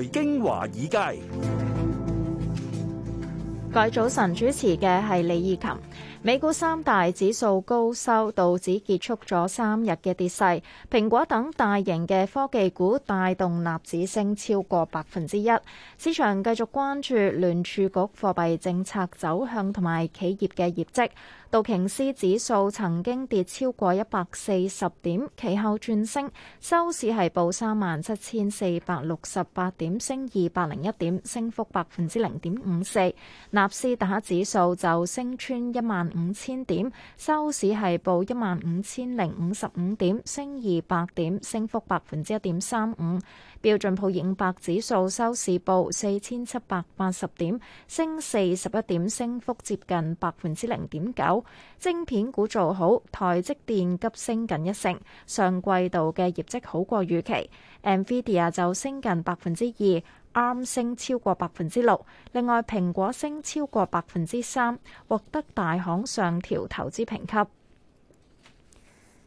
財經華爾街，各位早晨主持嘅係李以琴。美股三大指數高收，道指結束咗三日嘅跌勢，蘋果等大型嘅科技股帶動納指升超過百分之一。市場繼續關注聯儲局貨幣政策走向同埋企業嘅業績。道瓊斯指數曾經跌超過一百四十點，其後轉升，收市係報三萬七千四百六十八點，升二百零一點，升幅百分之零點五四。納斯達克指數就升穿一萬五千點，收市係報一萬五千零五十五點，升二百點，升幅百分之一點三五。標準普爾五百指數收市報四千七百八十點，升四十一點，升幅接近百分之零點九。晶片股做好，台積電急升近一成，上季度嘅業績好過預期。Nvidia 就升近百分之二，ARM 升超過百分之六，另外蘋果升超過百分之三，獲得大行上調投資評級。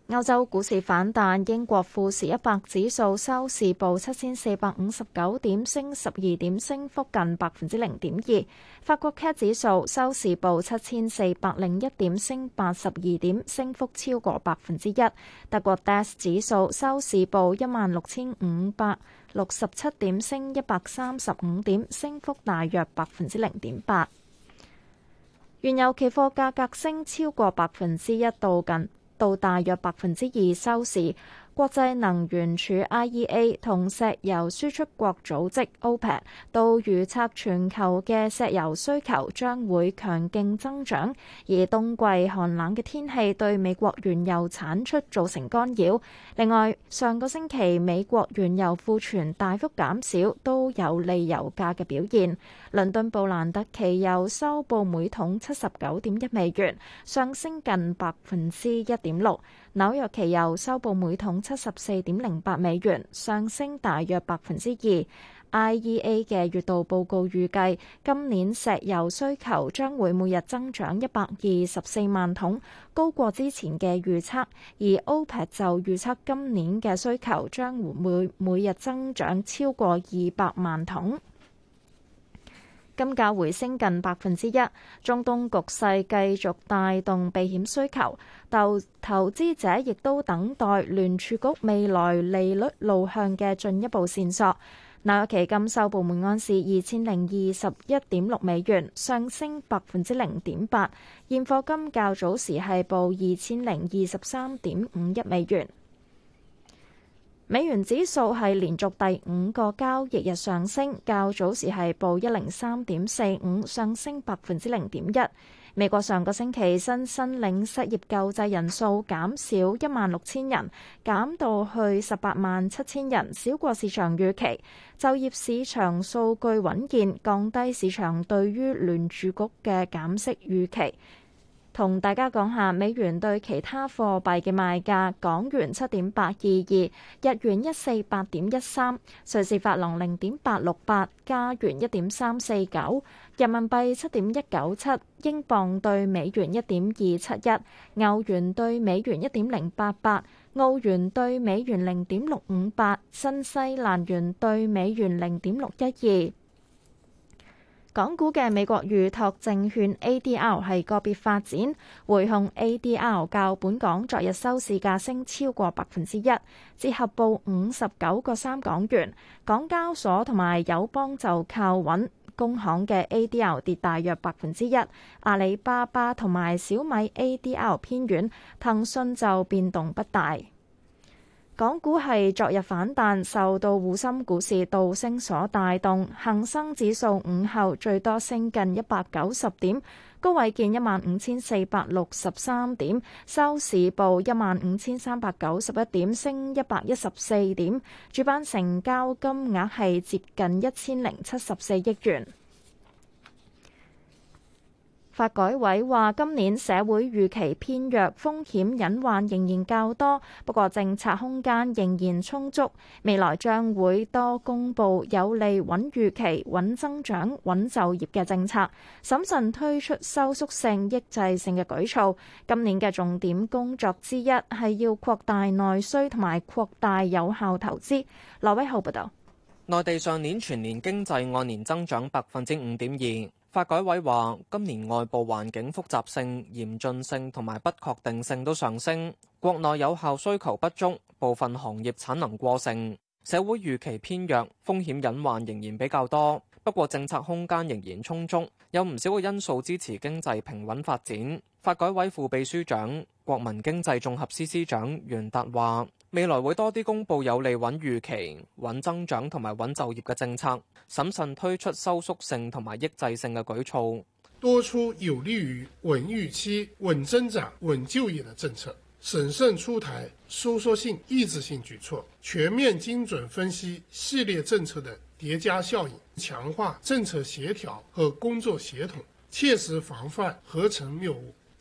歐洲股市反彈，英國富時一百指數收市報七千四百五十九點升，升十二點，升幅近百分之零點二。法國 CAC 指數收市報七千四百零一點升，點升八十二點，升幅超過百分之一。德國 DAX 指數收市報一萬六千五百六十七點升，點升一百三十五點，升幅大約百分之零點八。原油期貨價格升超過百分之一，到近。到大約百分之二收市。國際能源署 IEA 同石油輸出國組織 OPEC 都預測全球嘅石油需求將會強勁增長，而冬季寒冷嘅天氣對美國原油產出造成干擾。另外，上個星期美國原油庫存大幅減少，都有利油價嘅表現，倫敦布蘭特期油收報每桶七十九點一美元，上升近百分之一點六；紐約期油收報每桶七十四點零八美元，上升大約百分之二。IEA 嘅月度報告預計今年石油需求將會每日增長一百二十四萬桶，高過之前嘅預測。而 OPEC 就預測今年嘅需求將會每每日增長超過二百萬桶。金價回升近百分之一，中東局勢繼續帶動避險需求，投投資者亦都等待聯儲局未來利率路向嘅進一步線索。紐約期金收報每安士，二千零二十一點六美元，上升百分之零點八。現貨金較早時係報二千零二十三點五一美元。美元指數係連續第五個交易日上升，較早時係報一零三點四五，上升百分之零點一。美國上個星期新申領失業救濟人數減少一萬六千人，減到去十八萬七千人，少過市場預期。就業市場數據穩健，降低市場對於聯儲局嘅減息預期。同大家講下美元對其他貨幣嘅賣價：港元七點八二二，日元一四八點一三，瑞士法郎零點八六八，加元一點三四九，人民幣七點一九七，英鎊對美元一點二七一，歐元對美元一點零八八，澳元對美元零點六五八，新西蘭元對美元零點六一二。港股嘅美國預託證券 ADR 係個別發展，匯控 ADR 較本港昨日收市價升超過百分之一，折合報五十九個三港元。港交所同埋友邦就靠穩，工行嘅 ADR 跌大約百分之一，阿里巴巴同埋小米 ADR 偏軟，騰訊就變動不大。港股係昨日反彈，受到滬深股市倒升所帶動。恒生指數午後最多升近一百九十點，高位見一萬五千四百六十三點，收市報一萬五千三百九十一點，升一百一十四點。主板成交金額係接近一千零七十四億元。發改委話：今年社會預期偏弱，風險隱患仍然較多，不過政策空間仍然充足，未來將會多公布有利穩預期、穩增長、穩就業嘅政策。審慎推出收縮性、抑制性嘅舉措。今年嘅重點工作之一係要擴大內需同埋擴大有效投資。劉威浩報導。內地上年全年經濟按年增長百分之五點二。發改委話，今年外部環境複雜性、嚴峻性同埋不確定性都上升，國內有效需求不足，部分行業產能過剩，社會預期偏弱，風險隱患仍然比較多。不過，政策空間仍然充足，有唔少嘅因素支持經濟平穩發展。發改委副秘書長、國民經濟綜合司司長袁達話。未來會多啲公布有利穩預期、穩增長同埋穩就業嘅政策，審慎推出收縮性同埋抑制性嘅舉措，多出有利於穩預期、穩增長、穩就業嘅政策，審慎出台收縮性抑制性舉措，全面精準分析系列政策嘅疊加效應，強化政策協調和工作協同，切實防範合成謬誤。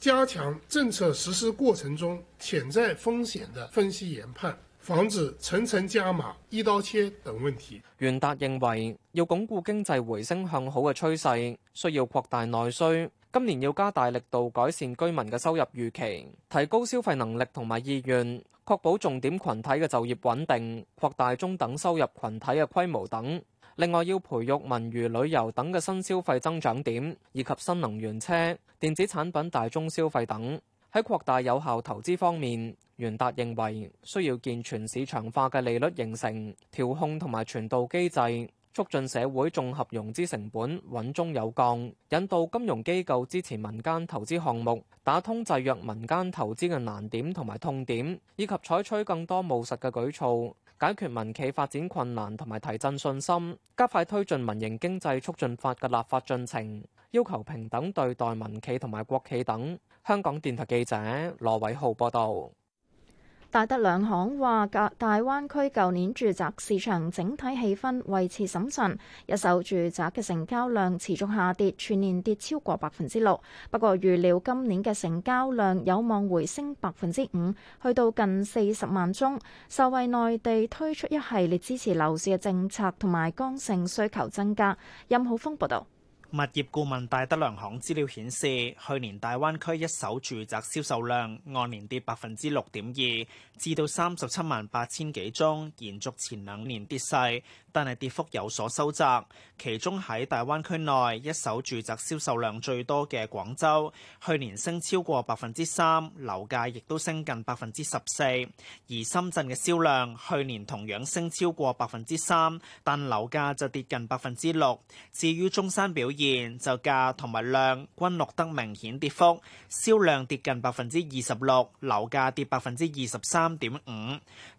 加強政策實施過程中潛在風險嘅分析研判，防止層層加碼、一刀切等問題。袁達認為，要鞏固經濟回升向好嘅趨勢，需要擴大內需。今年要加大力度改善居民嘅收入預期，提高消費能力同埋意願，確保重點群體嘅就業穩定，擴大中等收入群體嘅規模等。另外要培育文娛、旅遊等嘅新消費增長點，以及新能源車、電子產品、大宗消費等。喺擴大有效投資方面，袁達認為需要健全市場化嘅利率形成、調控同埋傳導機制。促進社會綜合融資成本穩中有降，引導金融機構支持民間投資項目，打通制約民間投資嘅難點同埋痛點，以及採取更多務實嘅舉措，解決民企發展困難同埋提振信心，加快推進《民營經濟促進法》嘅立法進程，要求平等對待民企同埋國企等。香港電台記者羅偉浩報道。大德兩行話，大灣區舊年住宅市場整體氣氛維持審慎，一手住宅嘅成交量持續下跌，全年跌超過百分之六。不過預料今年嘅成交量有望回升百分之五，去到近四十萬宗，受惠內地推出一系列支持樓市嘅政策同埋剛性需求增加。任浩峰報道。物業顧問戴德梁行資料顯示，去年大灣區一手住宅銷售量按年跌百分之六點二，至到三十七萬八千幾宗，延續前兩年跌勢，但係跌幅有所收窄。其中喺大灣區內一手住宅銷售量最多嘅廣州，去年升超過百分之三，樓價亦都升近百分之十四。而深圳嘅銷量，去年同樣升超過百分之三，但樓價就跌近百分之六。至於中山表。現就價同埋量均錄得明顯跌幅，銷量跌近百分之二十六，樓價跌百分之二十三點五。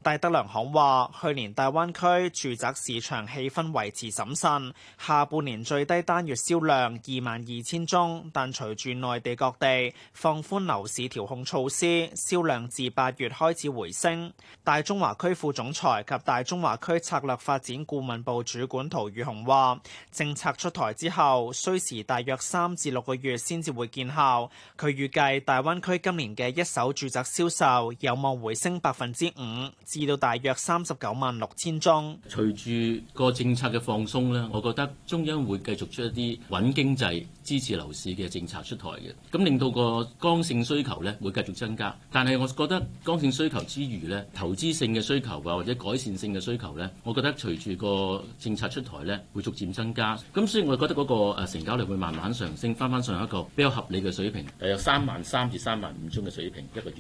戴德梁行話，去年大灣區住宅市場氣氛維持審慎，下半年最低單月銷量二萬二千宗，但隨住內地各地放寬樓市調控措施，銷量自八月開始回升。大中華區副總裁及大中華區策略發展顧問部主管陶宇雄話，政策出台之後。需時大約三至六個月先至會見效。佢預計大灣區今年嘅一手住宅銷售有望回升百分之五，至到大約三十九萬六千宗。隨住個政策嘅放鬆呢，我覺得中央會繼續出一啲穩經濟、支持樓市嘅政策出台嘅，咁令到個剛性需求呢會繼續增加。但係我覺得剛性需求之餘呢，投資性嘅需求啊，或者改善性嘅需求呢，我覺得隨住個政策出台呢會逐漸增加。咁所以我覺得嗰個。誒成交率會慢慢上升，翻翻上一個比較合理嘅水平，大約三萬三至三萬五宗嘅水平一個月。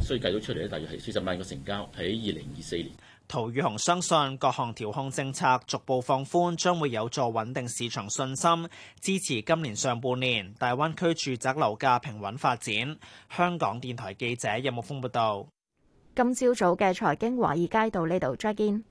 誒，所以計到出嚟大約係四十萬個成交喺二零二四年。陶宇雄相信，各項調控政策逐步放寬，將會有助穩定市場信心，支持今年上半年大灣區住宅樓價平穩發展。香港電台記者任木峯報道。今朝早嘅財經華爾街到呢度，再見。